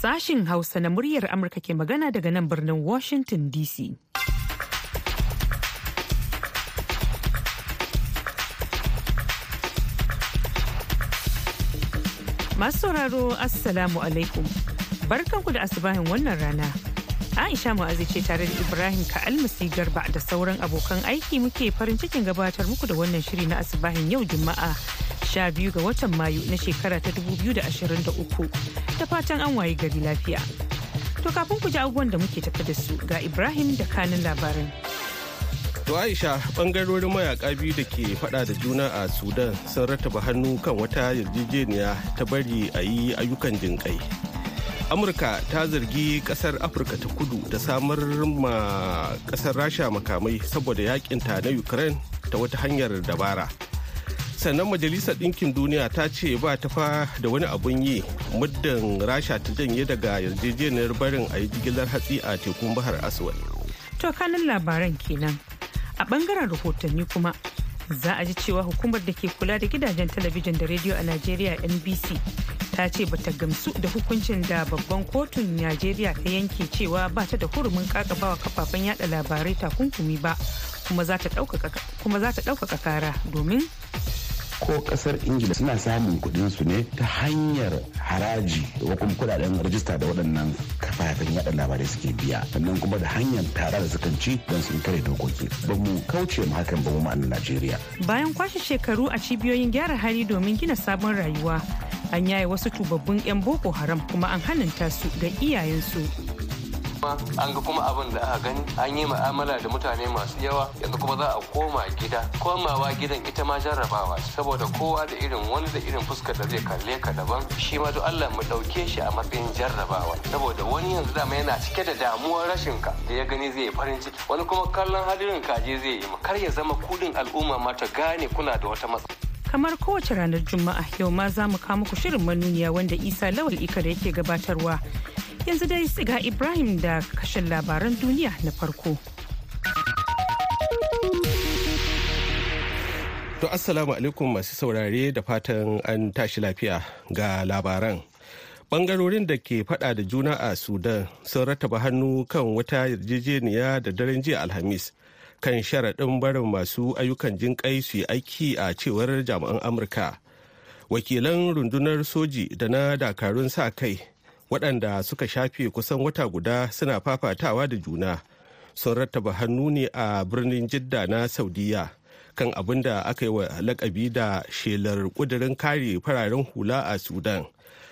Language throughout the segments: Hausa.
Sashin Hausa na muryar Amurka ke magana daga nan birnin Washington DC. Masu sauraro Assalamu alaikum. Barkanku da asubahin wannan rana. Aisha Mu'azi ce tare da Ibrahim Ka'almasi Garba da sauran abokan aiki muke farin cikin gabatar muku da wannan shiri na asibahin yau Juma'a 12 ga watan Mayu na shekara ta 2023 da fatan an waye gari lafiya. To kafin ku ji abubuwan da muke tafi da su ga Ibrahim da kanin labarin. To Aisha bangarorin mayaka biyu da ke fada da juna a Sudan sun rattaba hannu kan wata yarjejeniya ta bari a yi ayyukan jinƙai. amurka ta zargi kasar afirka ta kudu da samar ma kasar rasha makamai saboda ta na ukraine ta wata hanyar dabara sannan majalisar ɗinkin duniya ta ce ba ta fa da wani abun yi muddin rasha ta janye daga yarjejeniyar barin a yi jigilar hatsi a tekun bahar aswad to kanin labaran kenan a bangaren rahotanni kuma za a ji cewa hukumar da ke kula da gidajen talabijin da rediyo a najeriya nbc ta ce bata gamsu da hukuncin da babban kotun najeriya ta yanke cewa ba ta da hurumin kakabawa kafafen yada labarai takunkumi ba kuma za ta ɗaukaka kara domin ko kasar ingila suna samun kudin su ne ta hanyar haraji da kuma kudaden rajista da waɗannan kafafen yada labarai suke biya sannan kuma da hanyar tara da sukan ci don su kare dokoki ba mu kauce mu hakan ba mu ma'anin najeriya bayan kwashe shekaru a cibiyoyin gyara hali domin gina sabon rayuwa an yaye wasu tubabbun 'yan boko haram kuma an hananta su ga iyayensu an ga kuma abin da aka gani an yi ma'amala da mutane masu yawa yanzu kuma za a koma gida komawa gidan ita ma jarrabawa saboda kowa da irin wani da irin fuskar da zai kalle ka daban shi ma to Allah mu dauke shi a matsayin jarrabawa saboda wani yanzu dama yana cike da damuwar rashin ka da ya gani zai farin ciki wani kuma kallon hadirin kaje zai yi kar ya zama kudin al'umma ma ta gane kuna da wata matsala kamar kowace ranar juma'a yau ma za mu kawo muku shirin manuniya wanda isa lawal ikar yake gabatarwa yanzu dai ga ibrahim da kashin labaran duniya na farko to assalamu alaikum masu saurare da fatan an tashi lafiya ga labaran bangarorin da ke fada da juna a sudan sun rattaba hannu kan wata yarjejeniya da daren jiya alhamis kan sharaɗin barin masu ayyukan jinƙai su yi aiki a cewar jami'an amurka wakilan rundunar soji da na dakarun sa kai waɗanda suka shafe kusan wata guda suna fafatawa da juna sun rattaba hannu ne a birnin jidda na saudiya kan abin da aka yi wa lakabi da shelar ƙudurin kare fararen hula a sudan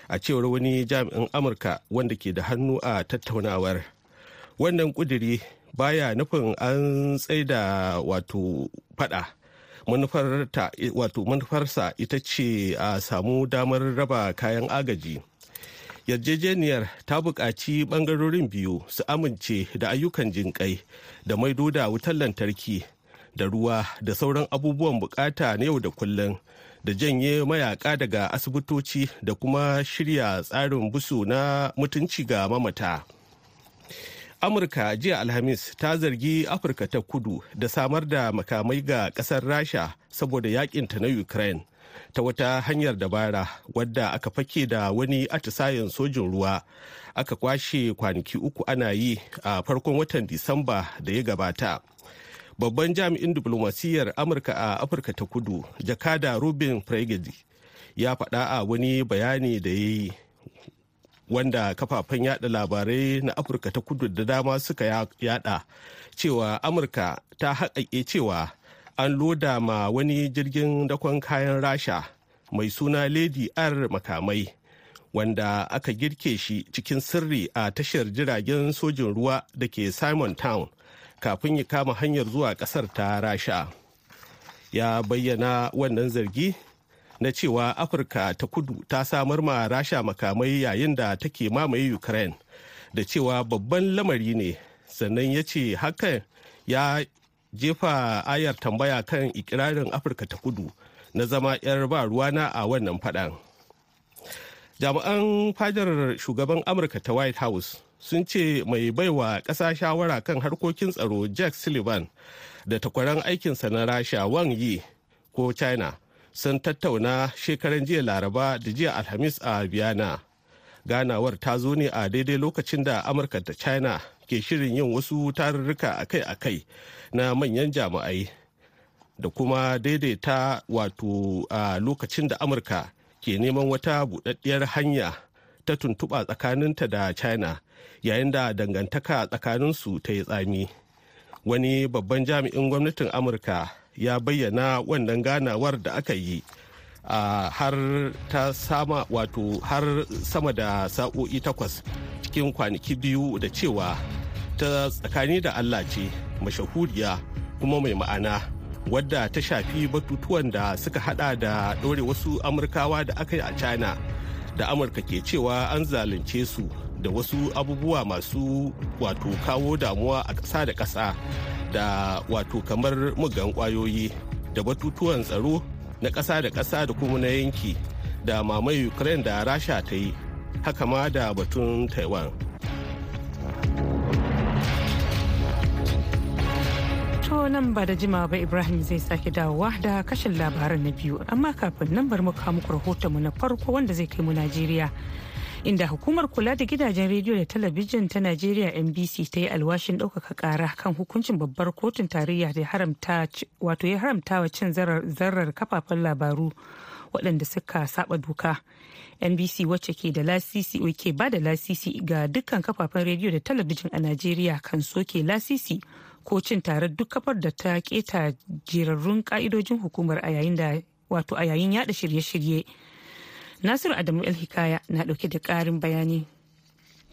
a cewar wani jami'in amurka wanda ke da hannu a tattaunawar wannan ƙuduri baya nufin an tsaida wato fada manufarsa ita ce a samu damar raba kayan agaji yarjejeniyar ta buƙaci ɓangarorin biyu su amince da ayyukan jinƙai da maido da wutar lantarki da ruwa da sauran abubuwan buƙata na yau da kullum da janye mayaka daga asibitoci da kuma shirya tsarin busu na mutunci ga mamata. amurka jiya alhamis ta zargi afirka ta kudu da samar da makamai ga kasar rasha saboda yakinta na ukraine ta wata hanyar dabara wadda aka fake da wani atisayen sojin ruwa aka kwashe kwanaki uku ana yi a farkon watan disamba da ya gabata babban jami'in diplomasiyyar amurka a afirka ta kudu jakada rubin fregedi ya faɗa a wani bayani da ya yi wanda kafafen yada labarai na afirka ta kudu da dama suka yada cewa amurka ta haƙaƙe cewa an loda ma wani jirgin dakon kayan rasha mai suna lady r makamai wanda aka girke shi cikin sirri a tashar jiragen sojin ruwa da ke simon town kafin ya kama hanyar zuwa ƙasar ta rasha ya bayyana wannan zargi na cewa afirka ta kudu ta samar ma rasha makamai yayin da take mamaye ukraine da cewa babban lamari ne sannan ya ce hakan ya jefa ayar tambaya kan ikirarin afirka ta kudu na zama 'yar ba ruwana a wannan faɗan jami'an fadar shugaban amurka ta white house sun ce mai baiwa ƙasa shawara kan harkokin tsaro jack sullivan da takwaran aikinsa na rasha wang yi ko china sun tattauna shekaran jiya laraba da jiya alhamis a biyana ganawar ta zo ne a daidai lokacin da amurka da china ke shirin yin wasu tarurruka akai-akai na manyan jami'ai da kuma daidaita wato a lokacin da amurka ke neman wata buɗaɗɗiyar hanya ta tuntuɓa tsakaninta da china yayin da dangantaka tsakaninsu ta yi tsami wani babban jami'in gwamnatin amurka ya bayyana wannan ganawar da aka yi har ta sama wato har sama da sa'o'i takwas cikin kwanaki biyu da cewa ta tsakani da Allah ce mashahuriya kuma mai ma'ana wadda ta shafi batutuwan da suka hada da ɗore wasu amurkawa da aka yi a china da amurka ke cewa an zalunce su da wasu abubuwa masu wato kawo damuwa a ƙasa da ƙasa da wato kamar mugan ƙwayoyi da batutuwan tsaro na ƙasa da ƙasa da kuma na yanki da mamaye ukraine da rasha ta yi haka ma da batun taiwan nan ba da jima ba ibrahim zai sake dawowa da kashin labaran na biyu amma kafin nan bar mu kawo muku rahotonmu na farko wanda zai kai mu najeriya inda hukumar kula da gidajen rediyo da talabijin ta najeriya nbc ta yi alwashin ɗaukaka ƙara kan hukuncin babbar kotun tarayya da haramta wato ya haramta wa cin zarar kafafen labaru waɗanda suka saba doka nbc wacce ke da lasisi ke ba da lasisi ga dukkan kafafen rediyo da talabijin a najeriya kan soke lasisi ko cin tare duk kafar da ta keta jerarrun ka'idojin hukumar a yayin da yayin yada shirye-shirye Nasiru Adamu El Hikaya na ɗauke da ƙarin bayani.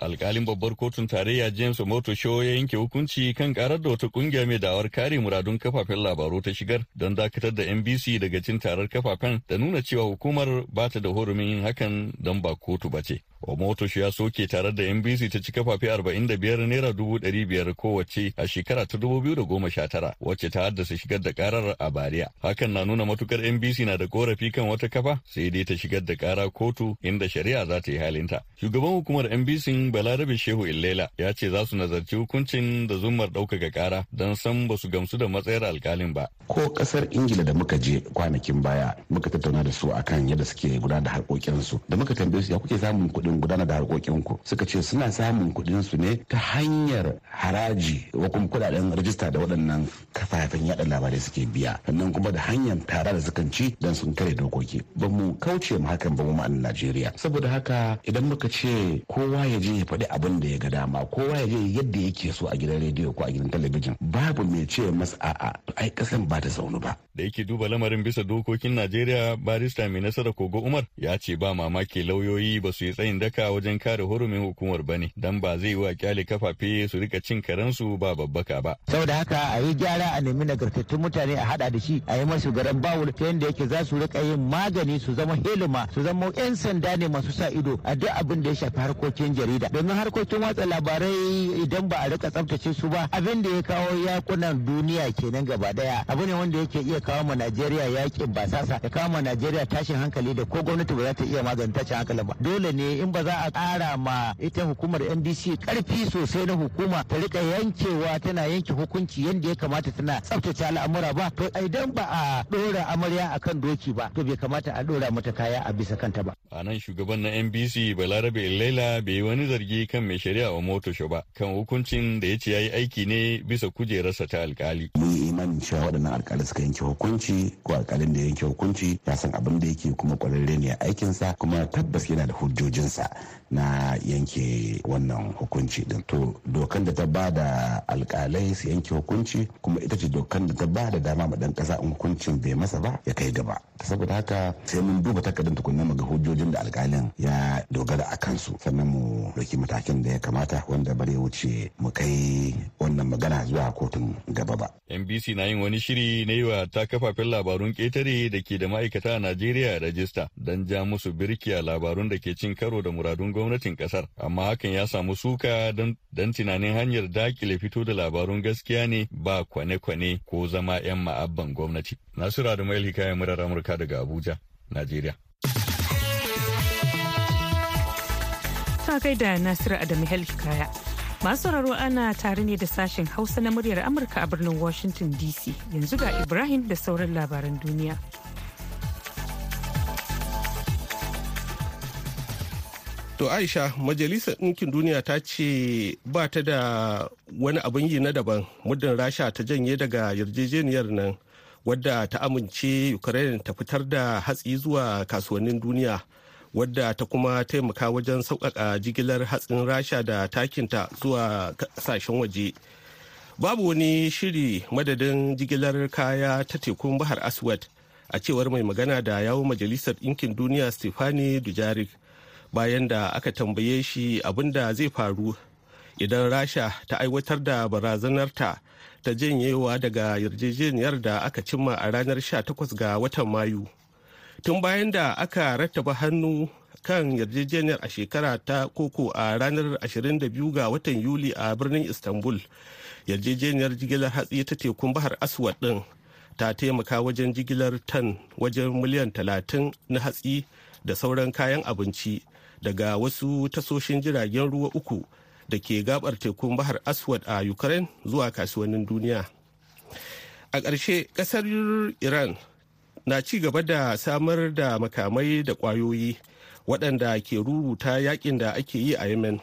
alkalin babbar kotun tarayya james moto show ya yanke hukunci kan karar da wata kungiya mai da'awar kare muradun kafafen labaru ta shigar don dakatar da nbc daga cin tarar kafafen da nuna cewa hukumar ba ta da horumin yin hakan don ba kotu ba ce omoto shi ya soke tarar da nbc ta ci kafafe 45 naira dubu biyar kowace a shekara ta 2019 wacce ta haddasa shigar da karar a bariya hakan na nuna matukar nbc na da korafi kan wata kafa sai dai ta shigar da kara kotu inda shari'a za ta yi halinta shugaban hukumar nbc Balarabe Shehu Illela ya ce za su nazarci hukuncin da zumar ɗaukaka ƙara don san ba su gamsu da matsayar alkalin ba. Ko ƙasar Ingila da muka je kwanakin baya muka tattauna da su akan yadda suke gudanar da harkokinsu da muka tambaye su ya kuke samun kuɗin gudanar da harkokinku suka ce suna samun kuɗin su ne ta hanyar haraji ko kuma kuɗaɗen rajista da waɗannan kafafen yaɗa labarai suke biya sannan kuma da hanyar tara da sukan ci don sun kare dokoki ba mu kauce mu hakan ba mu ma'anin Najeriya saboda haka idan muka ce kowa ya je ya faɗi abin da ya ga dama kowa ya yi yadda yake so a gidan rediyo ko a gidan talabijin babu mai ce masa a'a ai kasan ba ta zaunu ba da yake duba lamarin bisa dokokin Najeriya barista mai nasara Kogo Umar ya ce ba mamaki lauyoyi ba su yi tsayin daka wajen kare hurumin hukumar ba ne don ba zai wa kyale kafafe su rika cin karensu ba babbaka ba saboda haka a yi gyara a nemi nagartattun mutane a hada da shi a yi masu garan bawul ta yadda yake za su rika yin magani su zama heluma su zama yan sanda ne masu sa ido a duk abin da ya shafi harkokin jarida domin harkokin watsa labarai idan ba a rika tsaftace su ba abin da ya kawo yakunan duniya kenan gaba daya abu ne wanda yake iya kawo ma Najeriya yakin basasa ya kawo ma Najeriya tashin hankali da ko gwamnati ba za ta iya ta tashin hankali ba dole ne in ba za a kara ma ita hukumar NDC karfi sosai na hukuma ta rika yankewa tana yanke hukunci yadda ya kamata tana tsaftace al'amura ba to idan ba a dora amarya a kan doki ba to bai kamata a dora mata kaya a bisa kanta ba a nan shugaban na NBC Balarabe Laila bai wani zargi kan mai shari'a wa moto ba kan hukuncin da ya ce ya yi aiki ne bisa kujerarsa ta alkali. Mun yi imanin cewa waɗannan alkali suka yanke hukunci ko alkalin da yanke hukunci ya san abin da yake kuma kwararre ne a aikinsa kuma tabbas yana da hujjojinsa na yanke wannan hukunci din to dokan da ta ba da alkalai su yanke hukunci kuma ita ce dokan da ta ba da dama ma dan kasa in hukuncin bai masa ba ya kai gaba saboda haka sai mun duba takardun tukunna mu ga hujjojin da alkalin ya dogara a kansu sannan mu dauki matakin da ya kamata wanda bare wuce mu kai wannan magana zuwa kotun gaba ba NBC na yin wani shiri na yi wa ta kafafen labarun ketare da ke da ma'aikata a Najeriya rajista don ja musu birki a labarun da ke cin karo da muradun gwamnatin kasar amma hakan ya samu suka don tunanin hanyar dakile fito da labarun gaskiya ne ba kwane-kwane ko zama 'yan ma'abban gwamnati nasiru adamu hikaya murar amurka daga abuja najeriya ta nasiru adamu hikaya masu sauraro ana tare ne da sashen hausa na muryar amurka a birnin washington dc yanzu ga ibrahim da sauran labaran duniya To Aisha Majalisar Ɗinkin Duniya ta ce ba ta da wani abin yi na daban muddin Rasha ta janye daga yarjejeniyar nan wadda ta amince Ukraine ta fitar da hatsi zuwa kasuwannin duniya wadda ta kuma taimaka wajen sauƙaƙa jigilar hatsin Rasha da takinta zuwa ƙasashen waje. Babu wani shiri madadin jigilar kaya ta tekun Bahar Aswad a cewar mai magana da yawon Majalisar Ɗinkin Duniya Stefani Dujarik. bayan da aka tambaye shi abin da zai faru idan rasha ta aiwatar da barazanarta ta janyewa daga yarjejeniyar da aka cimma a ranar 18 ga watan mayu tun bayan da aka rattaba hannu kan yarjejeniyar a shekara ta koko a ranar 22 ga watan yuli a birnin istanbul yarjejeniyar jigilar hatsi ta tekun bahar aswad din ta taimaka wajen jigilar tan wajen miliyan 30 na hatsi da sauran kayan abinci daga wasu tasoshin jiragen ruwa uku da ke gabar tekun bahar aswad a ukraine zuwa kasuwannin duniya a ƙarshe ƙasar iran na ci gaba da samar da makamai da ƙwayoyi waɗanda ke rubuta yakin da ake yi a yemen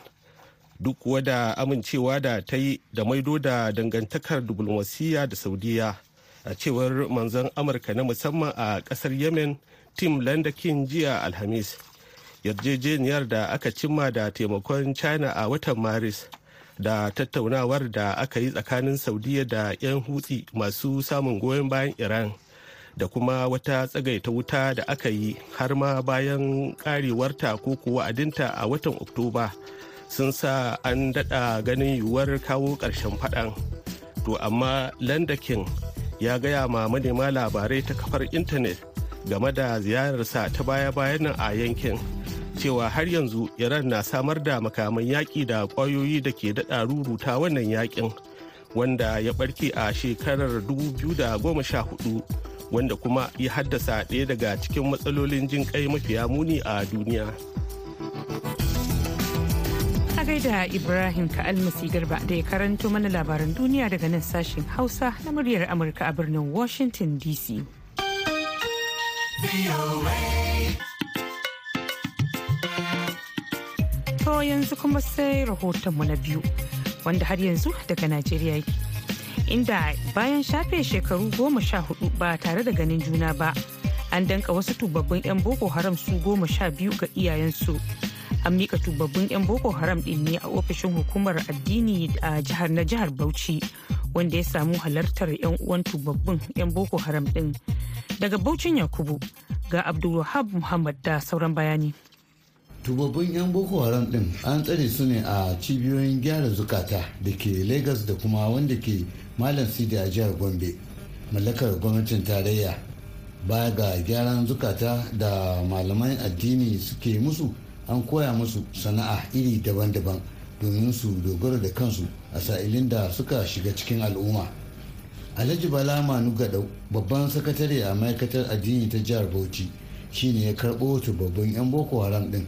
duk kuwa amincewa da ta yi da maido da dangantakar dubulmasiya da saudiya a cewar manzon amurka na musamman a ƙasar yemen tim landakin jiya alhamis yarjejeniyar da aka cimma da taimakon china a watan maris da tattaunawar da aka yi tsakanin saudiya da 'yan hutsi masu samun goyon bayan iran da kuma wata tsagaita wuta da aka yi har ma bayan karewarta ko kuwa adinta a watan oktoba sun sa an daɗa ganin yiwuwar kawo ƙarshen faɗan to amma landakin ya gaya ma manema labarai ta kafar intanet game da ziyararsa ta baya-bayan a yankin cewa har yanzu iran na samar da makaman yaƙi da ƙwayoyi da ke daɗa ruruta wannan yaƙin wanda ya ɓarke a shekarar 2014 wanda kuma ya haddasa ɗaya daga cikin matsalolin jin ƙai mafiya muni a duniya gaida Ibrahim ka almasi Garba da ya karanto mana labaran duniya daga nan sashen Hausa na muryar Amurka a birnin Washington DC. To yanzu kuma sai rahotonmu na biyu wanda har yanzu daga Najeriya yake. Inda bayan shafe shekaru goma sha hudu ba tare da ganin juna ba, an danka wasu tubabbin 'yan Boko Haram su goma sha biyu ga iyayensu. An mika tubabbin 'yan Boko Haram ɗin ne a ofishin hukumar addini a jihar na jihar Bauchi, wanda ya samu halartar 'yan uwan tubabbin 'yan Boko Haram ɗin. Daga Bauchin Yakubu ga Abdulwahab Muhammad da sauran bayani. tubabbin 'yan boko haram din an tsare su ne a cibiyoyin gyara zukata da ke lagos da kuma wanda ke malam sidi a jihar gombe mallakar gwamnatin tarayya baya ga gyaran zukata da malaman addini suke musu an koya musu sana'a iri daban-daban domin su dogara da kansu a sa'ilin da suka shiga cikin al'umma alhaji bala manu gadau babban sakatare a ma'aikatar addini ta jihar bauchi shine ya karɓo tubabbin 'yan boko haram din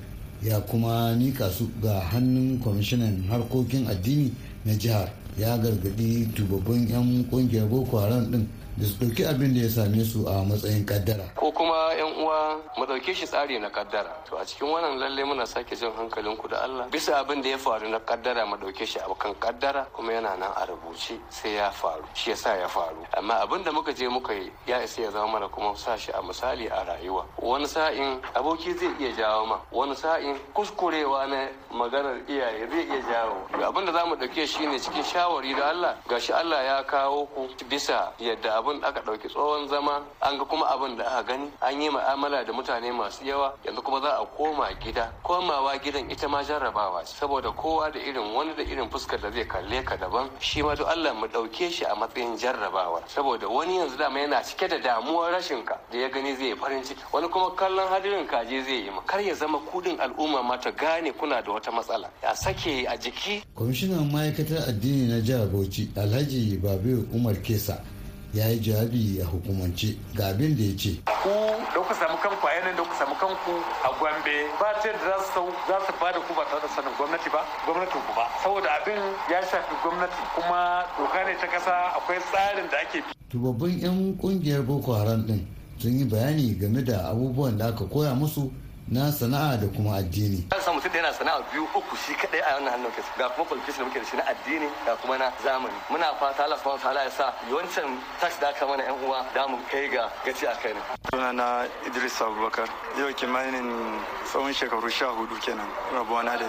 ya kuma nika su ga hannun kwamishinan harkokin addini na jihar ya gargadi tubabbin 'yan kungiyar boko haram din da su ɗauki abin da ya same su a matsayin kaddara. Ko kuma 'yan uwa mu ɗauke shi tsari na kaddara. To a cikin wannan lalle muna sake jan hankalin ku da Allah bisa abin da ya faru na kaddara mu ɗauke shi a kan kaddara kuma yana nan a rubuce sai ya faru shi yasa ya faru. Amma abin da muka je muka yi ya isa ya zama mana kuma sa shi a misali a rayuwa. Wani sa'in aboki zai iya jawo ma wani sa'in kuskurewa na maganar iyaye zai iya jawo. Abin da za mu ɗauke shi ne cikin shawari da Allah gashi Allah ya kawo ku bisa yadda abin aka ɗauki tsohon zama an ga kuma abin da aka gani an yi ma'amala da mutane masu yawa yanzu kuma za a koma gida komawa gidan ita ma jarrabawa saboda kowa da irin wani da irin fuskar da zai kalle ka daban shi ma to Allah mu ɗauke shi a matsayin jarrabawa saboda wani yanzu dama yana cike da damuwar rashin ka da ya gani zai farin ciki wani kuma kallon hadirin kaje zai yi ma kar ya zama kudin al'umma ma ta gane kuna da wata matsala ya sake a jiki kwamishinan ma'aikatar addini na jihar Bauchi Alhaji babu Umar Kesa ya yi jawabi a hukumance ga abin da ya ce. Ku da samu kanku a yanayin da samu kanku a Gombe ba ta yadda za su za su ba da ku ba tare da sanin gwamnati ba gwamnatin ku ba saboda abin ya shafi gwamnati kuma doka ne ta kasa akwai tsarin da ake bi. babban 'yan kungiyar Boko Haram din sun yi bayani game da abubuwan da aka koya musu na sana'a da kuma addini. sana'a biyu uku shi kadai a wannan hannun kace ga kuma qualification da muke da shi na addini ga kuma na zamani muna fata Allah subhanahu wataala ya sa yawancin tax da aka mana yan uwa da mu kai ga gaci a kai ne na Idris Abubakar yau kimanin tsawon shekaru sha hudu kenan rabuwana da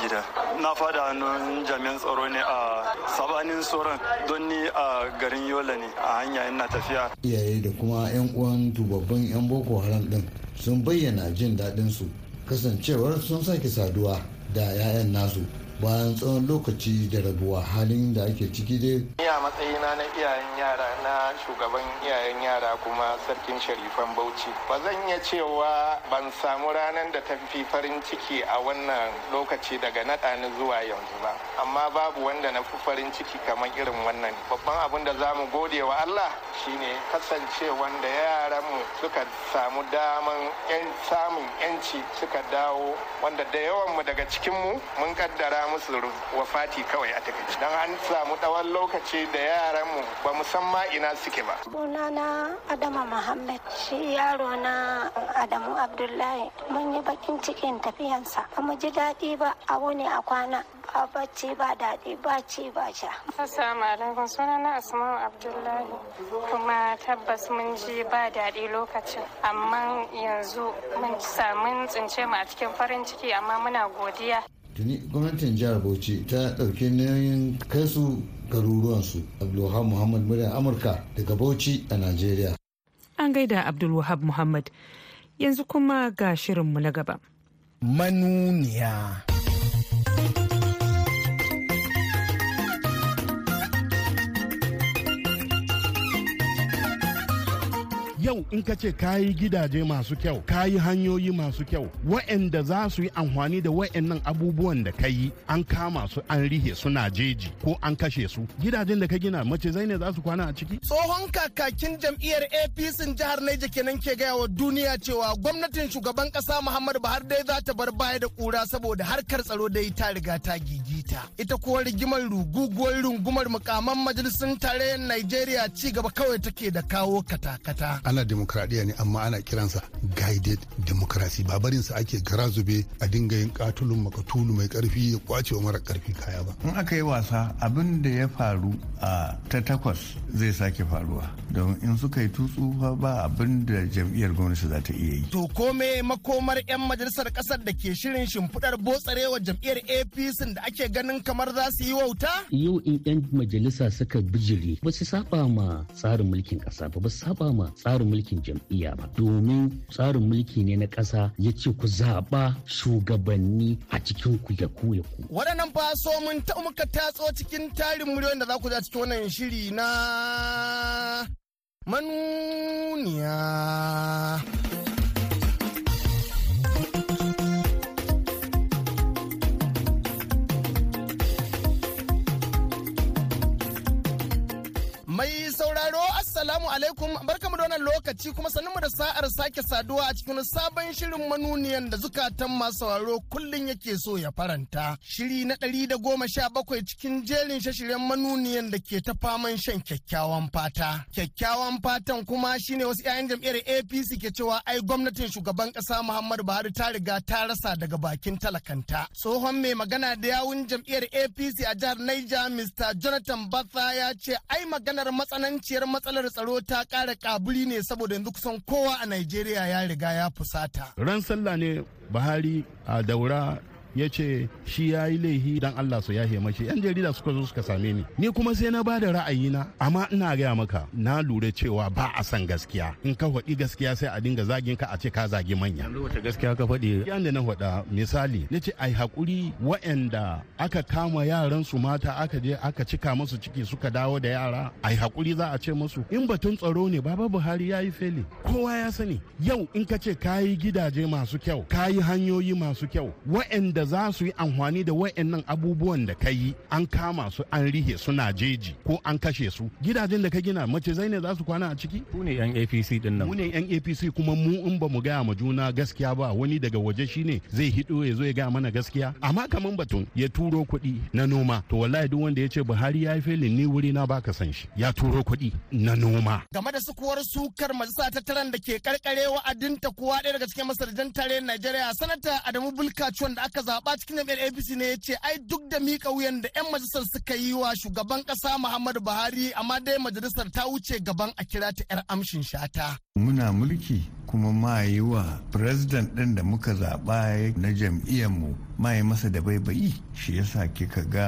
gida na fada hannun jami'an tsaro ne a sabanin tsoron don ni a garin yola ne a hanya ina tafiya iyaye da kuma yan uwan dubabban yan boko haram din sun bayyana jin daɗin su kasancewar sun sake saduwa da 'ya'yan nasu bayan tsawon lokaci da raguwa halin da ake ciki dai. Iya matsayina na iyayen yara na shugaban iyayen yara kuma sarkin sharifan Bauchi. Ba zan iya cewa ban samu ranar da ta fi farin ciki a wannan lokaci daga naɗa ni zuwa yanzu ba. Amma babu wanda na fi farin ciki kamar irin wannan. Babban abin da za mu gode wa Allah shine kasancewan da mu suka samu daman samun 'yanci suka dawo wanda da yawan mu daga cikin mu mun kaddara musu wafati kawai a takaice don an samu tsawon lokaci da yaran mu ba musamma ina suke ba sunana adama muhammad shi yaro na adamu abdullahi mun yi bakin cikin tafiyansa ba mu ji daɗi ba a wuni a kwana ba bacci ba daɗi ba ci ba sha. Assalamu alaikum sunana asma Abdullahi kuma tabbas mun ji ba daɗi lokacin amma yanzu mun samu tsince mu a cikin farin ciki amma muna godiya tuni gwamnatin jihar bauchi ta ɗauki nauyin kai su garuruwansu abdulwahab muhammad muryar amurka daga bauchi a najeriya an gaida abdulwahab muhammad yanzu kuma ga shirinmu na gaba manuniya yau in ka ce kayi gidaje masu kyau ka hanyoyi masu kyau wa'anda za su yi amfani da wa'annan abubuwan da ka yi an kama su an rihe suna jeji ko an kashe su gidajen da ka gina mace zai ne za su kwana a ciki tsohon kakakin jam'iyyar apc jihar naija kenan ke gaya wa duniya cewa gwamnatin shugaban kasa muhammadu buhari dai za ta bar baya da kura saboda harkar tsaro dai ta riga ta gigita ita kuwa rigimar ruguguwar rungumar mukaman majalisun tarayyar najeriya ci gaba kawai take da kawo katakata ana demokradiyya ne amma ana kiransa guided democracy ba barin sa ake gara zube a dinga yin katulun makatulu mai karfi ya kwace wa mara karfi kaya ba in aka yi wasa abin da ya faru a ta takwas zai sake faruwa don in suka yi tutsu ba abin da jam'iyyar gwamnati za ta iya yi to kome makomar 'yan majalisar kasar da ke shirin shimfidar botsarewa jam'iyyar apc da ake ganin kamar za su yi wauta yau in 'yan majalisa suka bijiri ba su saba ma tsarin mulkin kasa ba ba su saba ma tsarin tsarin mulkin jam'iyya ba domin tsarin mulki ne na ƙasa ya ce ku zaɓa shugabanni a cikin ku ya ku ya ku. Waɗannan ba so mun ta muka tatso cikin tarin miliyoyin da za ku za cikin wannan shiri na manuniya. Mai Assalamu alaikum barkamu da wannan lokaci kuma sanin mu da sa'ar sake saduwa a cikin sabon shirin manuniyan da zukatan masu sauraro kullun yake so ya faranta. Shiri na ɗari da goma sha bakwai cikin jerin shashiren manuniyan da ke ta faman shan kyakkyawan fata. Kyakkyawan fatan kuma shine wasu 'ya'yan jam'iyyar APC ke cewa ai gwamnatin shugaban ƙasa Muhammadu Buhari ta riga ta rasa daga bakin talakanta. Tsohon mai magana da yawun jam'iyyar APC a jihar Niger Mr. Jonathan Batha ya ce ai maganar matsananciyar matsalar tsaro ta ƙara ƙaburi ne saboda yanzu kusan kowa a Najeriya ya riga ya fusata. Ran sallah ne Buhari a daura ya ce shi ya yi laihi dan Allah su yahe mashi yan jarida suka zo suka same ni ni kuma sai na ba da ra'ayina amma ina gaya maka na lura cewa ba a san gaskiya in ka faɗi gaskiya sai a dinga zagin ka a ce ka zagi manya wata gaskiya ka faɗi yanda na faɗa misali na ce ai hakuri wa'anda aka kama yaran su mata aka je aka cika musu ciki suka dawo da yara ai hakuri za a ce musu in batun tsaro ne baba Buhari ya yi feli kowa ya sani yau in ka ce ka yi gidaje masu kyau ka yi hanyoyi masu kyau wa'anda da za su yi amfani da wayannan abubuwan da ka yi an kama su an rihe suna jeji ko an kashe su gidajen da ka gina mace zai ne za su kwana a ciki ku ne yan apc din nan mu yan apc kuma mu in ba mu gaya ma juna gaskiya ba wani daga waje shine zai hido ya zo ya gaya mana gaskiya amma kaman batun ya turo kuɗi na noma to wallahi duk wanda ya ce buhari ya yi felin ni wuri na baka san shi ya turo kuɗi na noma game da sukuwar sukar majalisa ta taron da ke karkare wa'adinta kuwa ɗaya daga cikin masarjan tare najeriya sanata adamu bulkaci da aka zaba cikin jam'iyyar APC ne ya ce ai duk da mika wuyan da 'yan majalisar suka yi wa shugaban kasa Muhammadu Buhari amma dai majalisar ta wuce gaban a kira ta 'yar amshin shata. Muna mulki kuma ma yi wa president ɗin da muka zaɓa na jam'iyyarmu ma yi masa da baibayi shi yasa kika ga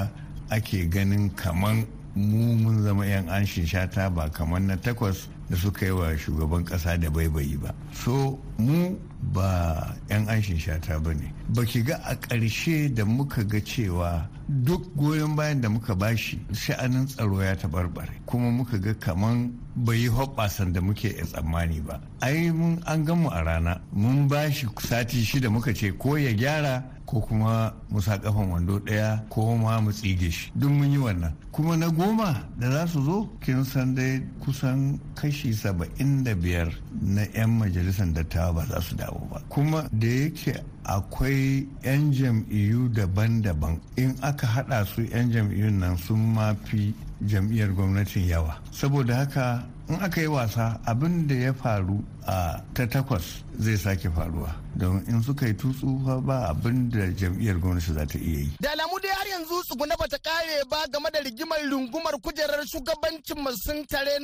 ake ganin kaman mu mun zama 'yan an shata ba kamar na takwas da suka yi wa shugaban kasa da baibayi ba so mu ba 'yan an shata ba ne ba ki ga a ƙarshe da muka ga cewa duk goyon bayan da muka bashi sha'anin tsaro ya tabarbare kuma muka ga kamar bai yi da muke a tsammani ba ai mun an gamu a rana mun bashi sati shida muka ce ko ya gyara ko kuma mu sa kafan wando ɗaya ko ma mu tsige shi duk mun yi wannan kuma na goma da za su zo kin san dai kusan kashi saba'in da biyar na 'yan majalisar dattawa ba za su dawo ba kuma da yake akwai 'yan jam'iyyu daban-daban in aka hada su 'yan jam'iyyun nan sun fi jam'iyyar gwamnatin yawa saboda haka in aka yi wasa abin da ya faru a ta takwas zai sake faruwa don in suka yi tutsu ba abin da jam'iyyar gwamnati za ta iya yi. Da alamu dai har yanzu tsuguna bata kare ba game da rigimar rungumar kujerar shugabancin masun tare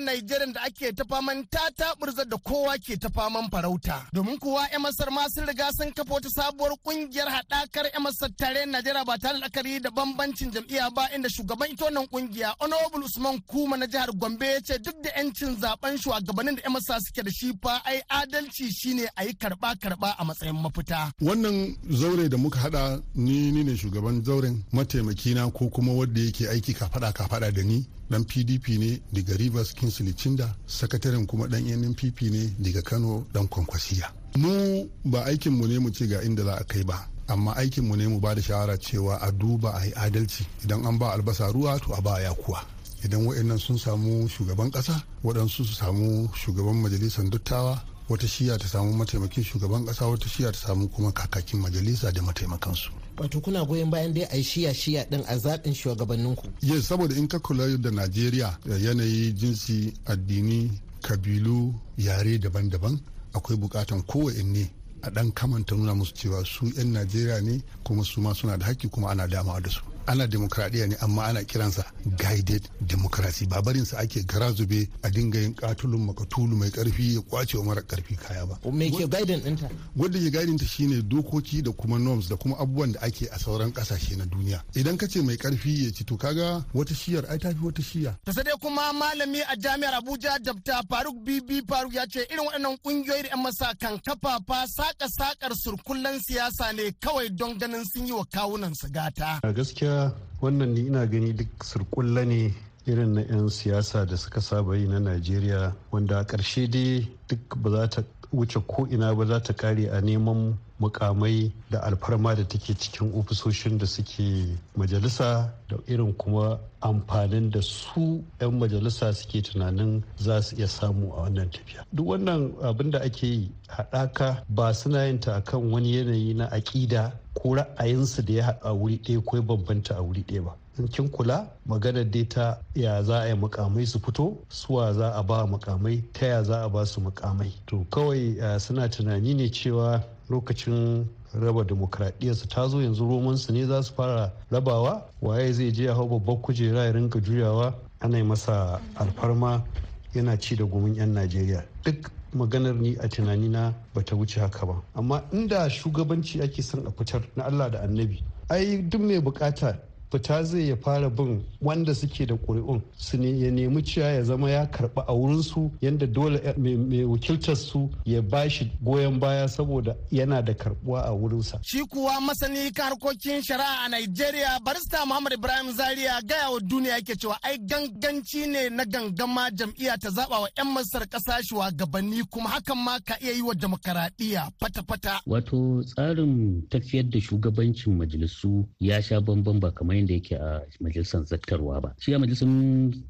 da ake ta faman ta taburza da kowa ke ta faman farauta. Domin kuwa 'yan Masar ma riga sun kafa wata sabuwar kungiyar haɗakar 'yan Masar tare Najeriya ba tare da la'akari da bambancin jam'iyya ba inda shugaban ita wannan kungiya Honorable Usman Kuma na jihar Gombe ya ce duk da 'yancin zaben shugabannin da 'yan Masar suke da shi fa ai adalci shine a yi karba karba a matsayin mafita wannan zaure da muka hada ni ni ne shugaban zauren mataimakina ko kuma wanda yake aiki ka fada ka fada da ni dan pdp ne daga rivers kingsley cinda sakataren kuma dan nnpp ne daga kano dan kwankwasiya mu ba aikinmu ne mu ce ga inda za a kai ba amma aikinmu ne mu ba da shawara cewa a duba a yi adalci idan an ba albasa ruwa to a ba yakuwa idan waɗannan sun samu shugaban kasa waɗansu su samu shugaban majalisar dattawa wata shiya ta samu mataimakin shugaban kasa wata shiya ta samu kuma kakakin majalisa da mataimakansu. wato kuna goyon bayan dai a yi shiya shiya din a zaɓin ku. yes saboda in ka kula da najeriya eh, yanayi jinsi addini kabilu yare daban-daban akwai bukatan kowanne a dan ta nuna musu cewa su 'yan najeriya ne kuma su ma suna da haƙƙi kuma ana damawa da su ana demokradiyya ne amma ana kiransa guided democracy ba barin sa ake gara zube a dinga yin katulun makatulu mai karfi ya kwace wa mara karfi kaya ba me ke guiding ɗinta wanda ke guiding ta shine dokoki da kuma norms da kuma abubuwan da ake a sauran kasashe na duniya idan ka ce mai karfi ya ci to kaga wata shiyar ai tafi wata shiya ta sai kuma malami a jami'ar Abuja Dabta Faruk Bibi Faruk ya ce irin waɗannan kungiyoyi da 'yan masa kafafa saka sakar surkullen siyasa ne kawai don ganin sun yi wa kawunan su gata. A gaskiya wannan ni ina gani duk surkulle ne irin na 'yan siyasa da suka saba yi na Najeriya wanda a ƙarshe dai duk ba za ta wuce ko ina ba za ta kare a neman mukamai da alfarma da take cikin ofisoshin da suke majalisa da irin kuma amfanin da su 'yan majalisa suke tunanin za su iya samu a wannan tafiya duk wannan abin da ake yi haɗaka ba suna yin ta akan wani yanayi na aƙida ko ra'ayinsu da ya haɗu a wuri ɗaya ko ya bambanta a wuri ɗaya ba in kin kula maganar dai ta ya za a yi mukamai su fito suwa za a ba mukamai ta ya za a ba su mukamai to kawai suna tunani ne cewa lokacin raba su ta zo yanzu romansu ne za su fara rabawa waye zai je a hau babbar kujera ya rinka juyawa ana yi masa alfarma yana ci da gumin 'yan najeriya duk maganar ni a tunanina ba ta wuce haka ba amma inda shugabanci ake son a fitar na allah da annabi ai duk mai bukata fita zai ya fara bin wanda suke da ƙuri'un su ne ya nemi ciya ya zama ya karɓi a wurinsu yadda dole eh, mai wakiltar su ya ba shi goyon baya saboda yana da karɓuwa a wurinsa. Shi kuwa masani ka harkokin shari'a a nigeria barista Muhammad Ibrahim Zaria gaya wa duniya yake cewa ai ganganci ne na gangama jam'iyya ta zaɓa wa 'yan masar ƙasa shugabanni kuma hakan ma ka iya yi wa demokaradiyya fata-fata. Wato tsarin tafiyar da shugabancin majalisu ya sha bambam ba kamar da yake a majalisar zattarwa ba shi a majalisar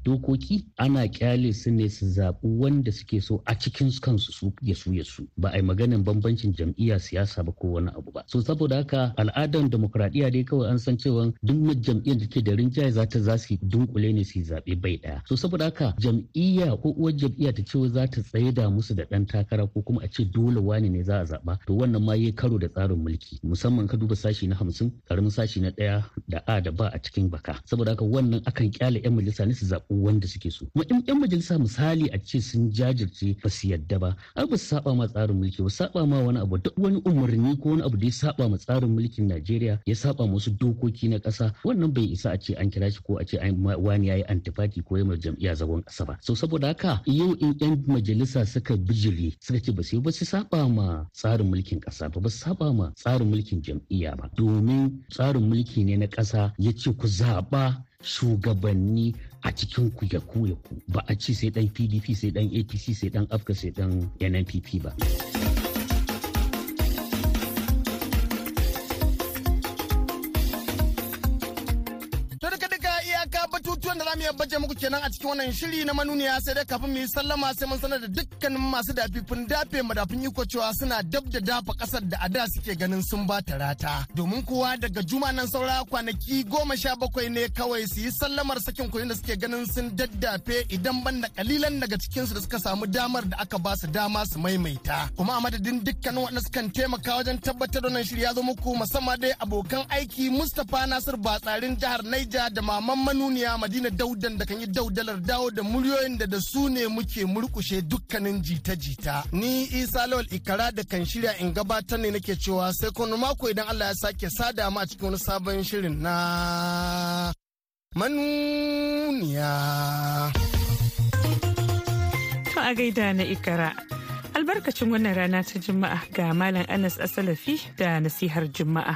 dokoki ana kyale su ne su zaɓi wanda suke so a cikin kansu su ya su ya su ba a yi maganin bambancin jam'iyya siyasa ba ko wani abu ba so saboda haka al'adar demokradiyya dai kawai an san cewa duk jam'iyyar da ke da rinjaye za ta za su dunkule ne su zaɓe bai ɗaya so saboda haka jam'iyya ko uwar jam'iyya ta ce za ta tsaye da musu da ɗan takara ko kuma a ce dole wani ne za a zaɓa to wannan ma ya karo da tsarin mulki musamman ka duba sashi na hamsin karamin sashi na ɗaya da a da ba a cikin baka saboda haka wannan akan kyale yan majalisa ne su zaɓi wanda suke so kuma in yan majalisa misali a ce sun jajirce ba su yadda ba ai ba su saba ma tsarin mulki ba saba ma wani abu duk wani umarni ko wani abu da ya saba ma tsarin mulkin Najeriya ya saba ma wasu dokoki na ƙasa wannan bai isa a ce an kira shi ko a ce wani yayi antifati ko ya jam'iyya zagon ƙasa ba so saboda haka yau in yan majalisa suka bijire suka ce ba su ba su saba ma tsarin mulkin ƙasa ba ba su saba ma tsarin mulkin jam'iyya ba domin tsarin mulki ne na ƙasa ya ya ce ku zaɓa shugabanni a cikin ku ya ku ba a ce sai dan pdp sai dan apc sai dan afka sai dan nnpp ba. gabatar muku kenan a cikin wannan shiri na manuniya sai dai kafin mu yi sallama sai mun sanar da dukkanin masu dafifin dafe madafin iko cewa suna dab da dafa kasar da ada suke ganin sun ba ta rata. Domin kuwa daga juma nan saura kwanaki goma sha bakwai ne kawai su yi sallamar sakin kuɗin da suke ganin sun daddafe idan ban da kalilan daga cikinsu da suka samu damar da aka ba su dama su maimaita. Kuma a madadin dukkanin waɗanda sukan taimaka wajen tabbatar da wannan shiri ya zo muku musamman dai abokan aiki Mustapha Nasir Batsarin jihar Naija da maman manuniya Madina Daudan da kan yi daudalar dawo da muryoyin da da su ne muke murkushe dukkanin jita-jita. Ni Isa Lawal Ikara da kan shirya in gabatar ne nake cewa sai kono mako idan Allah ya sake sada mu a cikin wani sabon shirin na manuniya. To a gaida na Ikara. Albarkacin wannan rana ta Juma'a ga Malam Anas Asalafi da nasihar Juma'a.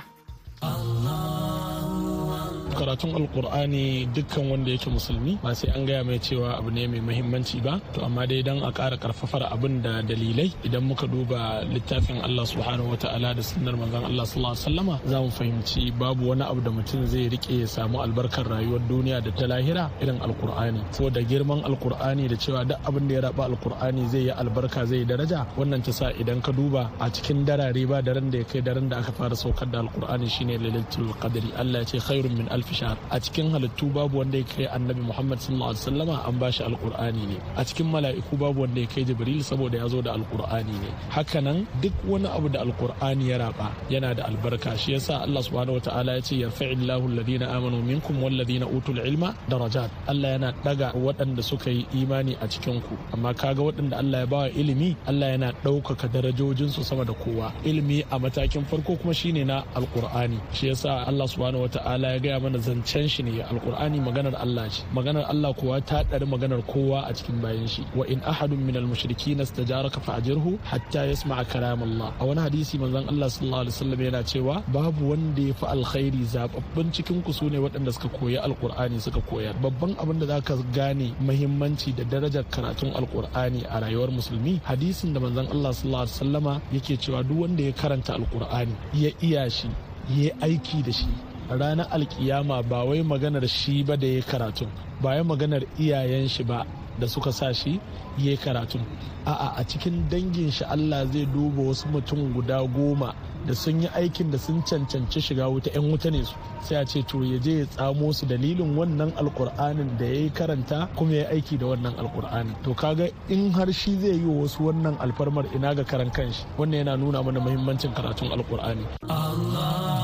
karatun alkur'ani dukkan wanda yake musulmi ba sai an gaya mai cewa abu ne mai muhimmanci ba to amma dai dan a ƙara karfafar abin da dalilai idan muka duba littafin Allah subhanahu ta'ala da sunnar manzon Allah sallallahu alaihi wasallama za mu fahimci babu wani abu da mutum zai rike ya samu albarkar rayuwar duniya da ta lahira irin alkur'ani da girman alkur'ani da cewa duk abin da ya raba alkur'ani zai yi albarka zai yi daraja wannan ta sa idan ka duba a cikin darare ba daren da ya kai daren da aka fara saukar da alkur'ani shine lailatul qadri Allah ya ce khairun min alf bishar a cikin halittu babu wanda ya kai annabi muhammad sallallahu alaihi wasallama an bashi alkur'ani ne a cikin mala'iku babu wanda ya kai jibril saboda ya zo da alkur'ani ne hakanan duk wani abu da alkur'ani ya raba yana da albarka shi yasa allah subhanahu wataala ya ce yarfa'illahu alladhina amanu minkum walladhina utul ilma darajat allah yana daga waɗanda suka yi imani a cikin ku amma kaga waɗanda allah ya bawa ilimi allah yana ɗaukaka darajojinsu sama da kowa ilimi a matakin farko kuma shine na alkur'ani shi yasa allah subhanahu wataala ya gaya mana mana zancen shi ne alkur'ani maganar Allah ce maganar Allah kuwa ta ɗari maganar kowa a cikin bayan shi wa in ahadun min al-mushriki nastajaraka fa'jirhu hatta yasma'a kalam Allah a wani hadisi manzon Allah sallallahu alaihi wasallam yana cewa babu wanda ya fi alkhairi zababbin cikin ku sune waɗanda suka koyi alkur'ani suka koyar babban abin da zaka gane muhimmanci da darajar karatun alkur'ani a rayuwar musulmi hadisin da manzon Allah sallallahu alaihi wasallama yake cewa duk wanda ya karanta alkur'ani ya iya shi ya aiki da shi ranar alkiyama ba wai maganar shi ba da ya karatu ba wai maganar iyayen shi ba da suka sa shi ya karatu a'a a cikin dangin shi Allah zai duba wasu mutum guda goma da sun yi aikin da sun cancanci shiga wuta 'yan wuta ne su sai a ce to ya je ya tsamo su dalilin wannan alkur'anin da ya yi karanta kuma ya yi aiki da wannan alkur'ani to kaga in har shi zai yi wasu wannan alfarmar ina ga karan kanshi wannan yana nuna mana muhimmancin karatun alkur'ani Allah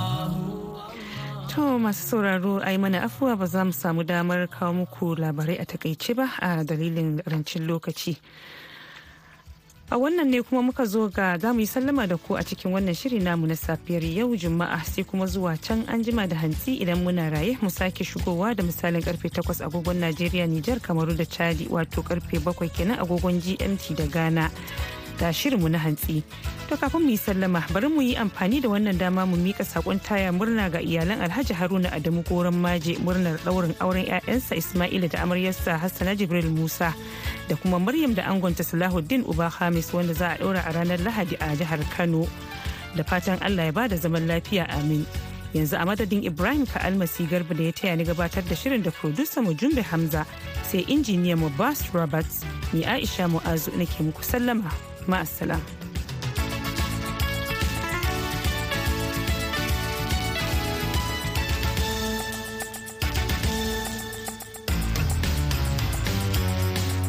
To masu sauraro ai mana afuwa ba za mu samu damar kawo muku labarai a takaice ba a dalilin rancin lokaci. A wannan ne kuma muka zo ga za mu yi sallama da ku a cikin wannan shiri namu na safiyar yau Juma'a sai kuma zuwa can an jima da hantsi idan muna raye mu sake shigowa da misalin karfe 8 agogon Najeriya Nijar Kamaru da Chadi wato karfe 7 kenan agogon GMT da Ghana. da mu na hantsi. To kafin mu yi sallama bari mu yi amfani da wannan dama mu mika sakon taya murna ga iyalan Alhaji Haruna Adamu Goran Maje murnar daurin auren 'ya'yansa Ismaila da amaryarsa Hassana Jibril Musa da kuma Maryam da angonta Salahuddin Uba Hamis wanda za a daura a ranar Lahadi a jihar Kano. Da fatan Allah ya bada zaman lafiya amin. yanzu a madadin ibrahim almasi garba da ya taya ni gabatar da shirin da produsa mu jumbe hamza sai injiniya mu bas roberts ni aisha mu'azu nake muku sallama مع السلامه